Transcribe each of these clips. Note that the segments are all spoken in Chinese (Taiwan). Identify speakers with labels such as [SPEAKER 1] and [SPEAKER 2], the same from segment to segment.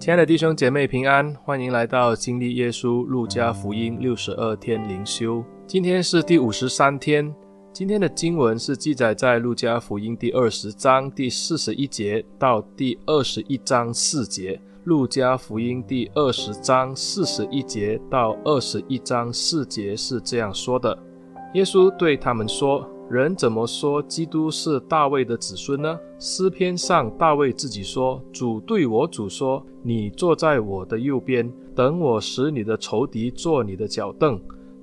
[SPEAKER 1] 親愛的弟兄姐妹平安，歡迎來到經歷耶穌路加福音六十二天靈修。今天是第五十三天。今天的經文是記載在路加福音第二十章第四十一節到第二十一章四節。路加福音第二十章四十一節到二十一章四節是這樣說的：耶穌對他們說。人怎麼說基督是大衛的子孫呢？詩篇上大衛自己說：“主對我主說，你坐在我的右邊，等我使你的仇敵坐你的腳凳。”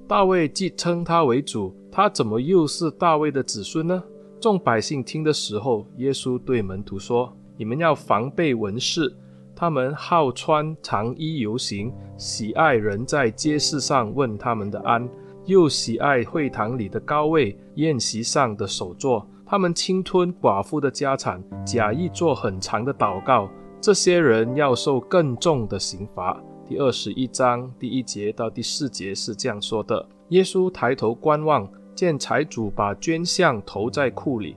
[SPEAKER 1] 大衛既稱他為主，他怎麼又是大衛的子孫呢？眾百姓聽的時候，耶穌對門徒說：“你們要防備文士，他們好穿長衣遊行，喜愛人在街市上問他們的安。”又喜愛會堂裡的高位，筵席上的首座。他們侵吞寡婦的家產，假意作很長的禱告。這些人要受更重的刑罰。第二十一章第一節到第四節是這樣說的：耶穌抬頭觀望，見財主把捐項投在庫裡，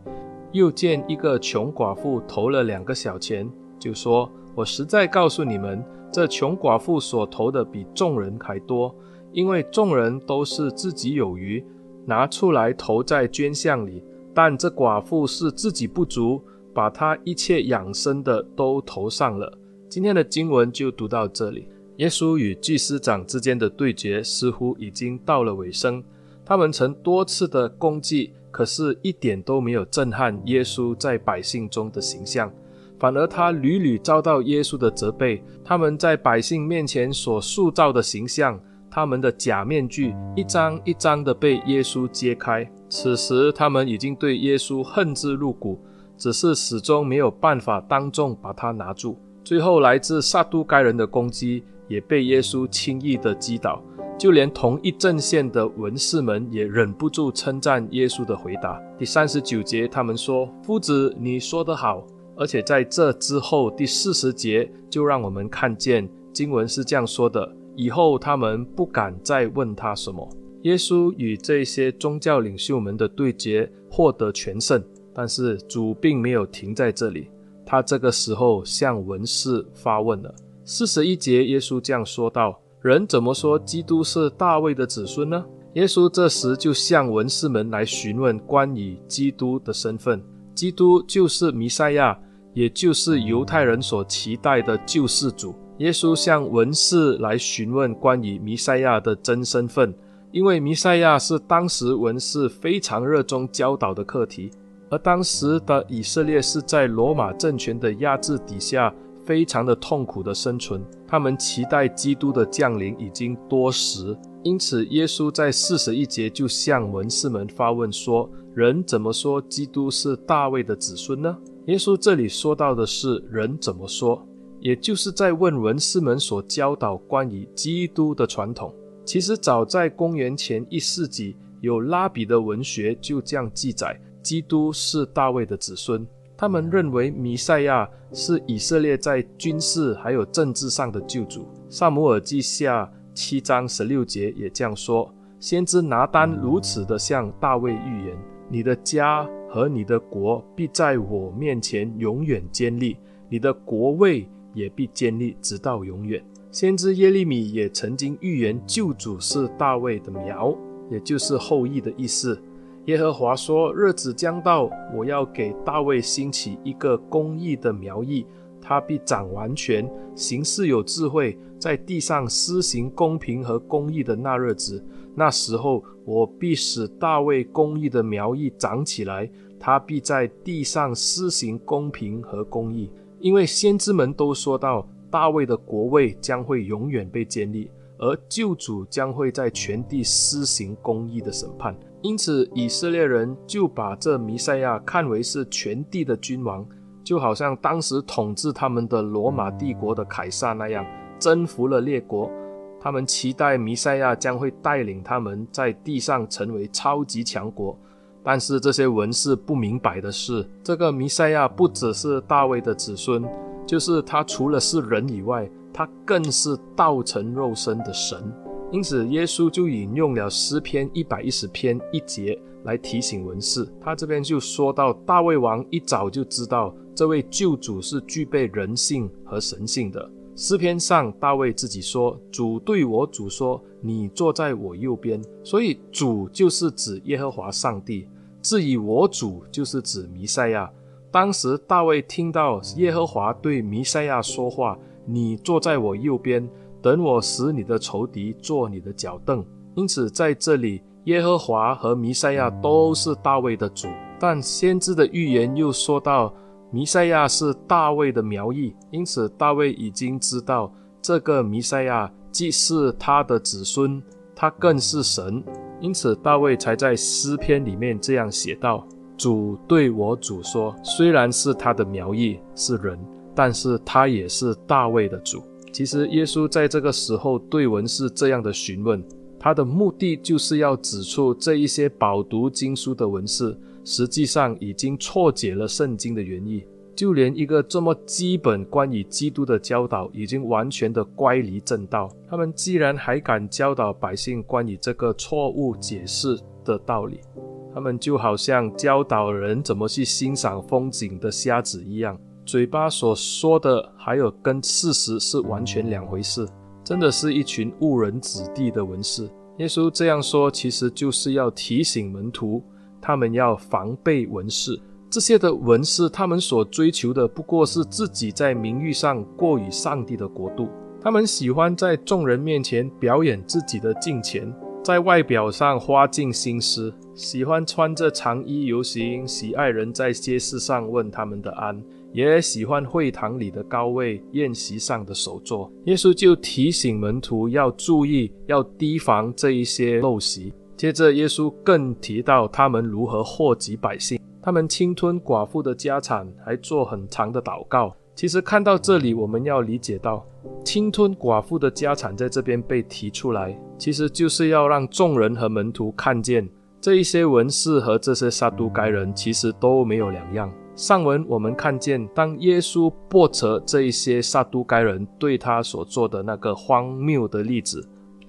[SPEAKER 1] 又見一個窮寡婦投了兩個小錢，就說：“我實在告訴你們，這窮寡婦所投的比眾人還多。”因為眾人都是自己有餘，拿出來投在捐項裡，但這寡婦是自己不足，把她一切養生的都投上了。今天的經文就讀到這裡。耶穌與祭司長之間的對決似乎已經到了尾聲，他們曾多次的攻擊，可是一點都沒有震撼耶穌在百姓中的形象，反而他屢屢遭到耶穌的責備。他們在百姓面前所塑造的形象。他們的假面具一張一張的被耶穌揭開，此時他們已經對耶穌恨之入骨，只是始終沒有辦法當眾把他拿住。最後，來自撒都該人的攻擊也被耶穌輕易的擊倒，就連同一陣線的文士們也忍不住稱讚耶穌的回答。第三十九節，他們說：“夫子，你說得好。”而且在這之後，第四十節就讓我們看見經文是這樣說的。以後他們不敢再問他什麼。耶穌與這些宗教領袖們的對決獲得全勝，但是主並沒有停在這裡。他這個時候向文士發問了四十一節，耶穌這樣說道：“人怎麼說基督是大衛的子孫呢？”耶穌這時就向文士們來詢問關於基督的身份。基督就是彌賽亞，也就是猶太人所期待的救世主。耶穌向文士來詢問關於彌賽亞的真身份，因為彌賽亞是當時文士非常熱衷教導的課題。而當時的以色列是在羅馬政權的壓制底下，非常的痛苦的生存。他們期待基督的降臨已經多時，因此耶穌在四十一節就向文士們發問說：“人怎麼說基督是大衛的子孫呢？”耶穌這裡說到的是人怎麼說？也就是在問文士們所教導關於基督的傳統。其實早在公元前一世紀，有拉比的文學就這樣記載：基督是大衛的子孫。他們認為彌賽亞是以色列在軍事還有政治上的救主。撒母耳記下七章十六節也這樣說：先知拿單如此的向大衛預言：“嗯、你的家和你的國必在我面前永遠堅立，你的國位。”也必建立直到永遠。先知耶利米也曾經預言，救主是大衛的苗，也就是後裔的意思。耶和華說：“日子將到，我要給大衛興起一個公義的苗裔，他必掌王權，行事有智慧，在地上施行公平和公義的那日子。那時候，我必使大衛公義的苗裔長起來，他必在地上施行公平和公義。”因為先知們都說到，大衛的國位將會永遠被建立，而救主將會在全地施行公義的審判。因此，以色列人就把這彌賽亞看為是全地的君王，就好像當時統治他們的羅馬帝國的凱撒那樣，征服了列國。他們期待彌賽亞將會帶領他們在地上成為超級強國。但是這些文士不明白的是，這個彌賽亞不只是大衛的子孫，就是他除了是人以外，他更是道成肉身的神。因此，耶穌就引用了詩篇一百一十篇一節來提醒文士。他這邊就說到，大衛王一早就知道這位救主是具備人性和神性的。詩篇上，大衛自己說：“主對我主說，你坐在我右邊。”所以，主就是指耶和華上帝。至於我主，就是指彌賽亞。當時大衛聽到耶和華對彌賽亞說話：“你坐在我右邊，等我使你的仇敵作你的腳凳。”因此，在這裡，耶和華和彌賽亞都是大衛的主。但先知的預言又說到，彌賽亞是大衛的苗裔。因此，大衛已經知道這個彌賽亞既是他的子孫，他更是神。因此，大衛才在詩篇裡面這樣寫道：“主對我主說，雖然是他的苗裔是人，但是他也是大衛的主。”其實，耶穌在這個時候對文士這樣的詢問，他的目的就是要指出這一些飽讀經書的文士，實際上已經錯解了聖經的原意。就連一個這麼基本關於基督的教導，已經完全的乖離正道。他們既然還敢教導百姓關於這個錯誤解釋的道理，他們就好像教導人怎麼去欣賞風景的瞎子一樣，嘴巴所說的還有跟事實是完全兩回事。真的是一群誤人子弟的文士。耶穌這樣說，其實就是要提醒門徒，他們要防備文士。這些的文士，他們所追求的不過是自己在名譽上過於上帝的國度。他們喜歡在眾人面前表演自己的敬虔，在外表上花盡心思，喜歡穿着長衣遊行，喜愛人在街市上問他們的安，也喜歡會堂裡的高位、筵席上的首座。耶穌就提醒門徒要注意，要提防這一些陋習。接着，耶穌更提到他們如何禍及百姓。他們侵吞寡婦的家產，還做很長的禱告。其實看到這裡，我們要理解到，侵吞寡婦的家產在這邊被提出來，其實就是要讓眾人和門徒看見，這一些文士和這些撒都該人其實都沒有兩樣。上文我們看見，當耶穌駁斥這一些撒都該人對他所做的那個荒謬的例子。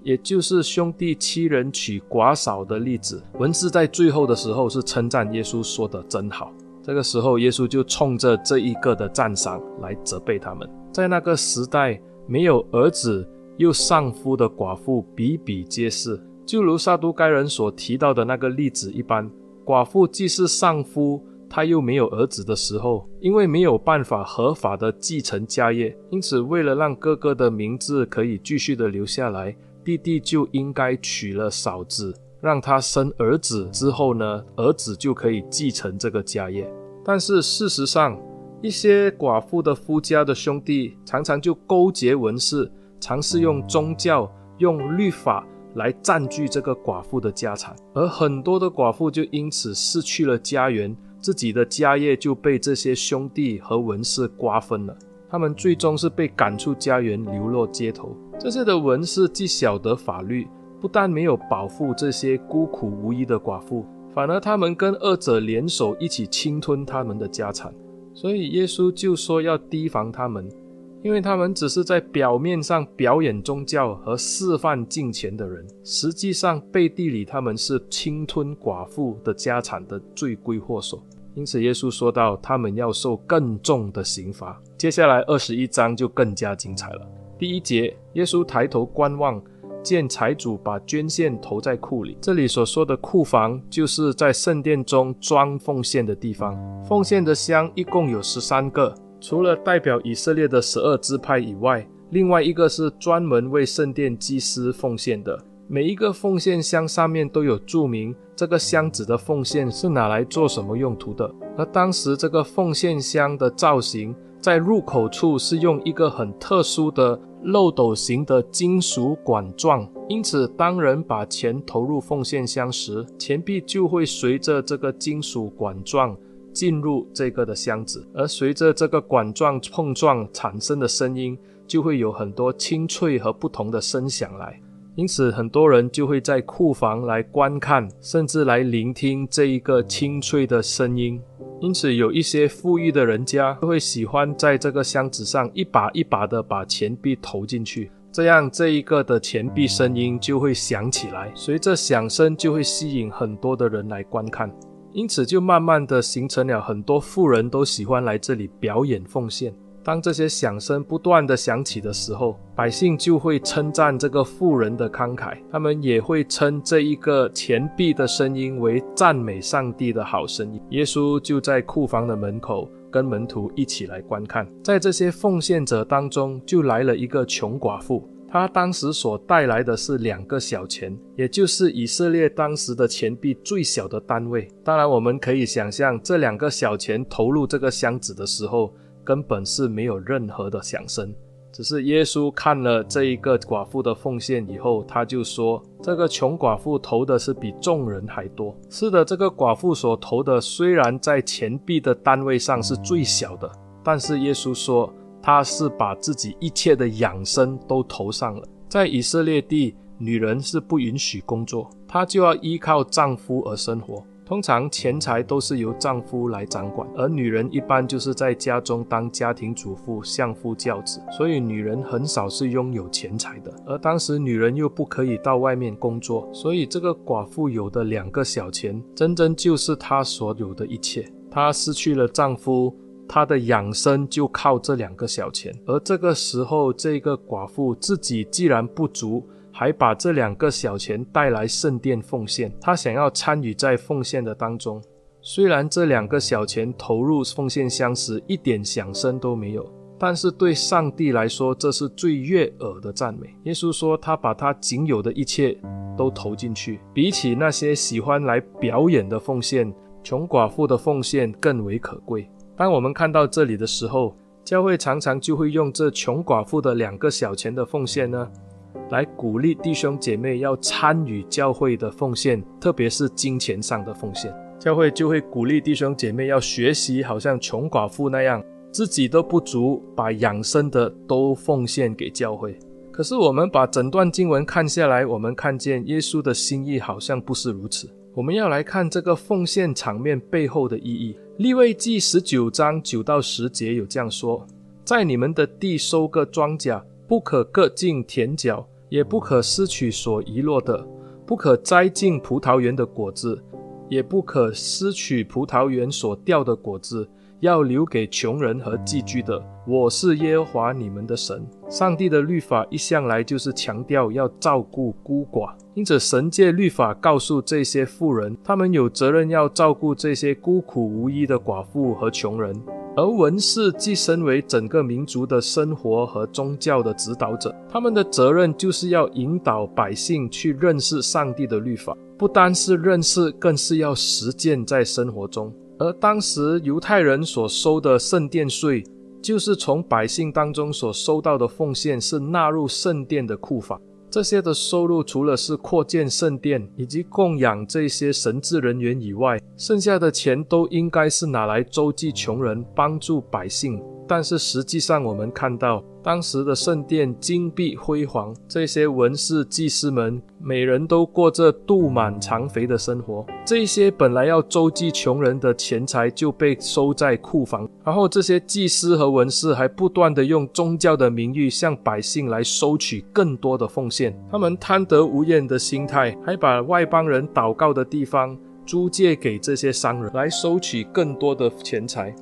[SPEAKER 1] 也就是兄弟七人娶寡嫂的例子。文士在最後的時候是稱讚耶穌說得真好。這個時候，耶穌就衝着這一個的讚賞來責備他們。在那個時代，沒有兒子又喪夫的寡婦比比皆是，就如撒都該人所提到的那個例子一般。寡婦既是喪夫，她又沒有兒子的時候，因為沒有辦法合法的繼承家業，因此為了讓哥哥的名字可以繼續的留下來。弟弟就應該娶了嫂子，讓他生兒子之後呢，兒子就可以繼承這個家業。但是事實上，一些寡婦的夫家的兄弟常常就勾結文士，嘗試用宗教、用律法來佔據這個寡婦的家產，而很多的寡婦就因此失去了家園，自己的家業就被這些兄弟和文士瓜分了。他們最終是被趕出家園，流落街頭。這些的文士既曉得法律，不但沒有保護這些孤苦無依的寡婦，反而他們跟惡者聯手一起侵吞他們的家產，所以耶穌就說要提防他們，因為他們只是在表面上表演宗教和示範敬虔的人，實際上背地裡他們是侵吞寡婦的家產的罪魁禍首。因此耶穌說到他們要受更重的刑罰。接下來二十一章就更加精彩了。第一節，耶穌抬頭觀望，見財主把捐獻投在庫裡。這裡所說的庫房，就是在聖殿中裝奉獻的地方。奉獻的箱一共有十三個，除了代表以色列的十二支派以外，另外一個是專門為聖殿祭司奉獻的。每一個奉獻箱上面都有注明這個箱子的奉獻是拿來做什麼用途的。而當時這個奉獻箱的造型，在入口處是用一個很特殊的。漏斗型的金屬管狀，因此當人把錢投入奉獻箱時，錢幣就會隨着這個金屬管狀進入這個的箱子，而隨着這個管狀碰撞產生的聲音，就會有很多清脆和不同的聲響來。因此，很多人就會在庫房來觀看，甚至來聆聽這一個清脆的聲音。因此，有一些富裕的人家就會喜歡在這個箱子上一把一把的把錢幣投進去，這樣這一個的錢幣聲音就會響起來，隨着響聲就會吸引很多的人來觀看。因此，就慢慢的形成了很多富人都喜歡來這裡表演奉獻。當這些響聲不斷地響起的時候，百姓就會稱讚這個富人的慷慨，他們也會稱這一個錢幣的聲音為讚美上帝的好聲音。耶穌就在庫房的門口跟門徒一起來觀看，在這些奉獻者當中，就來了一個窮寡婦，她當時所帶來的是兩個小錢，也就是以色列當時的錢幣最小的單位。當然，我們可以想象這兩個小錢投入這個箱子的時候。根本是沒有任何的響聲，只是耶穌看了這一個寡婦的奉獻以後，他就說：“這個窮寡婦投的是比眾人還多。”是的，這個寡婦所投的雖然在錢幣的單位上是最小的，但是耶穌說她是把自己一切的養生都投上了。在以色列地，女人是不允許工作，她就要依靠丈夫而生活。通常錢財都是由丈夫來掌管，而女人一般就是在家中當家庭主婦、相夫教子，所以女人很少是擁有錢財的。而當時女人又不可以到外面工作，所以這個寡婦有的兩個小錢，真真就是她所有的一切。她失去了丈夫，她的養生就靠這兩個小錢。而這個時候，這個寡婦自己既然不足。還把這兩個小錢帶來聖殿奉獻，他想要參與在奉獻的當中。雖然這兩個小錢投入奉獻箱時一點響聲都沒有，但是對上帝來說，這是最悅耳的讚美。耶穌說，他把他僅有的一切都投進去。比起那些喜歡來表演的奉獻，窮寡婦的奉獻更為可貴。當我們看到這裡的時候，教會常常就會用這窮寡婦的兩個小錢的奉獻呢。來鼓勵弟兄姐妹要參與教會的奉獻，特別是金錢上的奉獻。教會就會鼓勵弟兄姐妹要學習，好像窮寡婦那樣，自己都不足，把養生的都奉獻給教會。可是我們把整段經文看下來，我們看見耶穌的心意好像不是如此。我們要來看這個奉獻場面背後的意義。利未記十九章九到十節有這樣說：“在你們的地收割莊稼。”不可割盡田角，也不可拾取所遺落的；不可摘盡葡萄園的果子，也不可拾取葡萄園所掉的果子。要留給窮人和寄居的。我是耶和華你們的神。上帝的律法一向來就是強調要照顧孤寡，因此神藉律法告訴這些富人，他們有責任要照顧這些孤苦無依的寡婦和窮人。而文士既身為整個民族的生活和宗教的指導者，他們的責任就是要引導百姓去認識上帝的律法，不單是認識，更是要實踐在生活中。而當時猶太人所收的聖殿稅，就是從百姓當中所收到的奉獻，是納入聖殿的庫房。這些的收入除了是擴建聖殿以及供養這些神職人員以外，剩下的錢都應該是拿來周濟窮人，幫助百姓。但是實際上，我們看到當時的聖殿金碧輝煌，這些文士、祭司們每人都過着度滿腸肥的生活。這些本來要周濟窮人的錢財就被收在庫房，然後這些祭司和文士還不斷地用宗教的名譽向百姓來收取更多的奉獻。他們貪得無厭的心態，還把外邦人禱告的地方租借給這些商人來收取更多的錢財。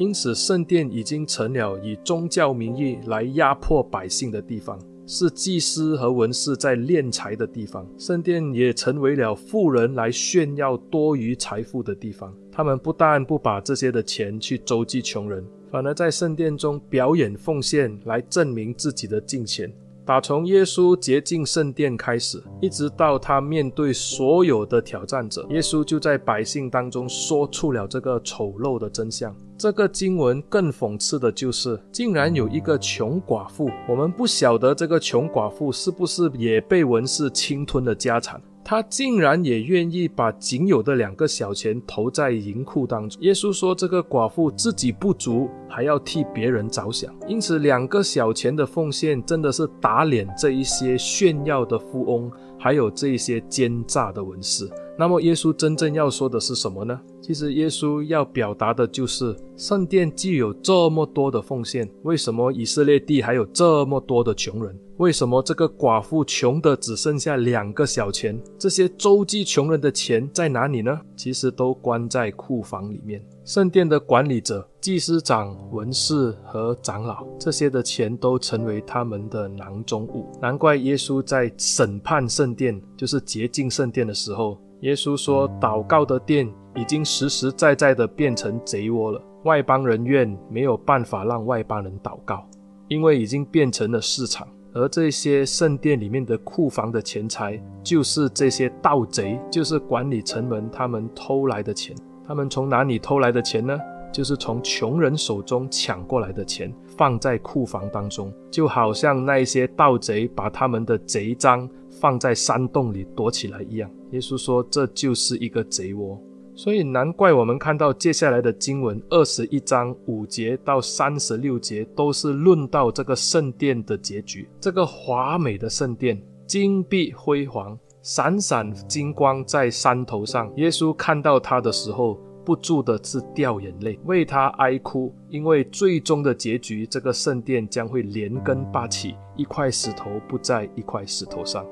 [SPEAKER 1] 因此，聖殿已經成了以宗教名義來壓迫百姓的地方，是祭司和文士在斂財的地方。聖殿也成為了富人來炫耀多餘財富的地方。他們不但不把這些的錢去周濟窮人，反而在聖殿中表演奉獻來證明自己的敬虔。打從耶穌潔淨聖殿開始，一直到他面對所有的挑戰者，耶穌就在百姓當中說出了這個醜陋的真相。這個經文更諷刺的就是，竟然有一個窮寡婦，我們不曉得這個窮寡婦是不是也被文士侵吞了家產。他竟然也願意把僅有的兩個小錢投在銀庫當中。耶穌說：“這個寡婦自己不足，還要替別人着想，因此兩個小錢的奉獻，真的是打臉這一些炫耀的富翁，還有這一些奸詐的文士。”那麼耶穌真正要說的是什麼呢？其實耶穌要表達的就是，聖殿既有這麼多的奉獻，為什麼以色列地還有這麼多的窮人？為什麼這個寡婦窮得只剩下兩個小錢？這些周濟窮人的錢在哪裡呢？其實都關在庫房裡面。聖殿的管理者、祭司長、文士和長老，這些的錢都成為他們的囊中物。難怪耶穌在審判聖殿，就是潔淨聖殿的時候，耶穌說：“禱告的殿已經實實在在的變成賊窩了。外邦人院沒有辦法讓外邦人禱告，因為已經變成了市場。而這些聖殿裡面的庫房的錢財，就是這些盜賊，就是管理層們他們偷來的錢。”他們從哪裡偷來的錢呢？就是從窮人手中搶過來的錢，放在庫房當中，就好像那些盜賊把他們的賊贓放在山洞裡躲起來一樣。耶穌說，這就是一個賊窩，所以難怪我們看到接下來的經文二十一章五節到三十六節都是論到這個聖殿的結局。這個華美的聖殿，金碧輝煌。閃閃金光在山頭上，耶穌看到他的時候，不住地直掉眼淚，為他哀哭，因為最終的結局，這個聖殿將會連根拔起，一塊石頭不在一塊石頭上。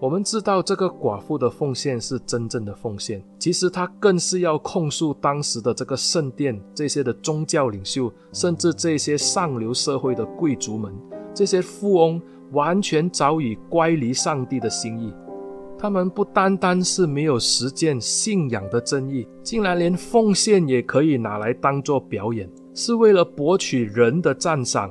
[SPEAKER 1] 我們知道這個寡婦的奉獻是真正的奉獻，其實他更是要控訴當時的這個聖殿，這些的宗教領袖，甚至這些上流社會的貴族們，這些富翁完全早已乖離上帝的心意。他們不單單是沒有實踐信仰的正義，竟然連奉獻也可以拿來當做表演，是為了博取人的讚賞。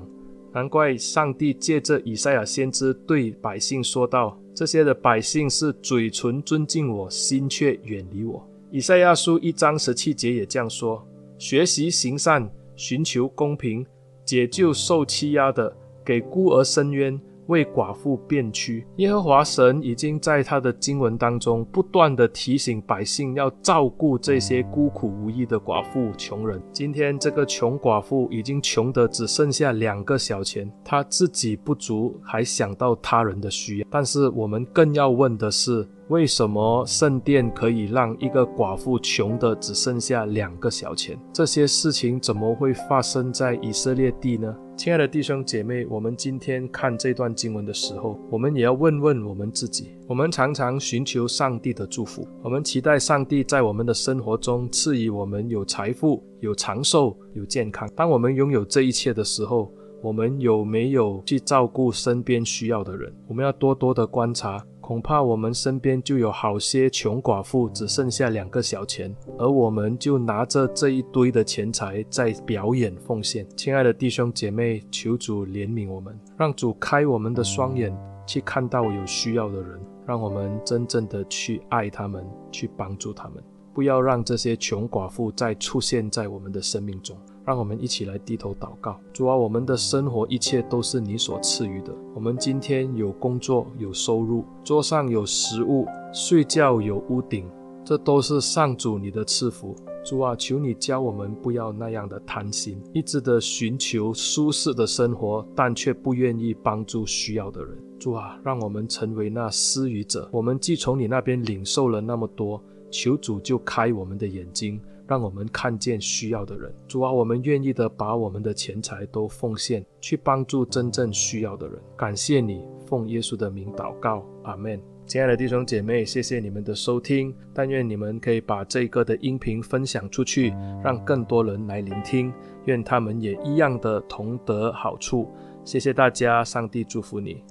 [SPEAKER 1] 難怪上帝借着以賽亞先知對百姓說道：“這些的百姓是嘴唇尊敬我，心卻遠離我。”以賽亞書一章十七節也這樣說：“學習行善，尋求公平，解救受欺壓的，給孤兒申冤。”為寡婦辯屈，耶和華神已經在他的經文當中不斷地提醒百姓要照顧這些孤苦無依的寡婦窮人。今天這個窮寡婦已經窮得只剩下兩個小錢，她自己不足，還想到他人的需要。但是我們更要問的是，為什麼聖殿可以讓一個寡婦窮得只剩下兩個小錢？這些事情怎麼會發生在以色列地呢？親愛的弟兄姐妹，我們今天看這段經文的時候，我們也要問問我們自己。我們常常尋求上帝的祝福。我們期待上帝在我們的生活中賜予我們有財富、有長壽、有健康。當我們擁有這一切的時候，我們有沒有去照顧身邊需要的人？我們要多多的觀察。恐怕我們身邊就有好些窮寡婦，只剩下兩個小錢，而我們就拿着這一堆的錢財在表演奉獻。親愛的弟兄姐妹，求主憐憫我們，讓主開我們的雙眼，去看到有需要的人，讓我們真正的去愛他們，去幫助他們，不要讓這些窮寡婦再出現在我們的生命中。讓我們一起來低頭禱告，主啊，我們的生活一切都是你所賜予的。我們今天有工作、有收入，桌上有食物，睡覺有屋頂，這都是上主你的賜福。主啊，求你教我們不要那樣的貪心，一直的尋求舒適的生活，但卻不願意幫助需要的人。主啊，讓我們成為那施予者。我們既從你那邊領受了那麼多，求主就開我們的眼睛。讓我們看見需要的人。主啊，我們願意的把我們的錢財都奉獻，去幫助真正需要的人。感謝你，奉耶穌的名禱告，阿門。親愛的弟兄姐妹，謝謝你們的收聽。但願你們可以把這個的音頻分享出去，讓更多人來聆聽。願他們也一樣的同得好處。謝謝大家，上帝祝福你。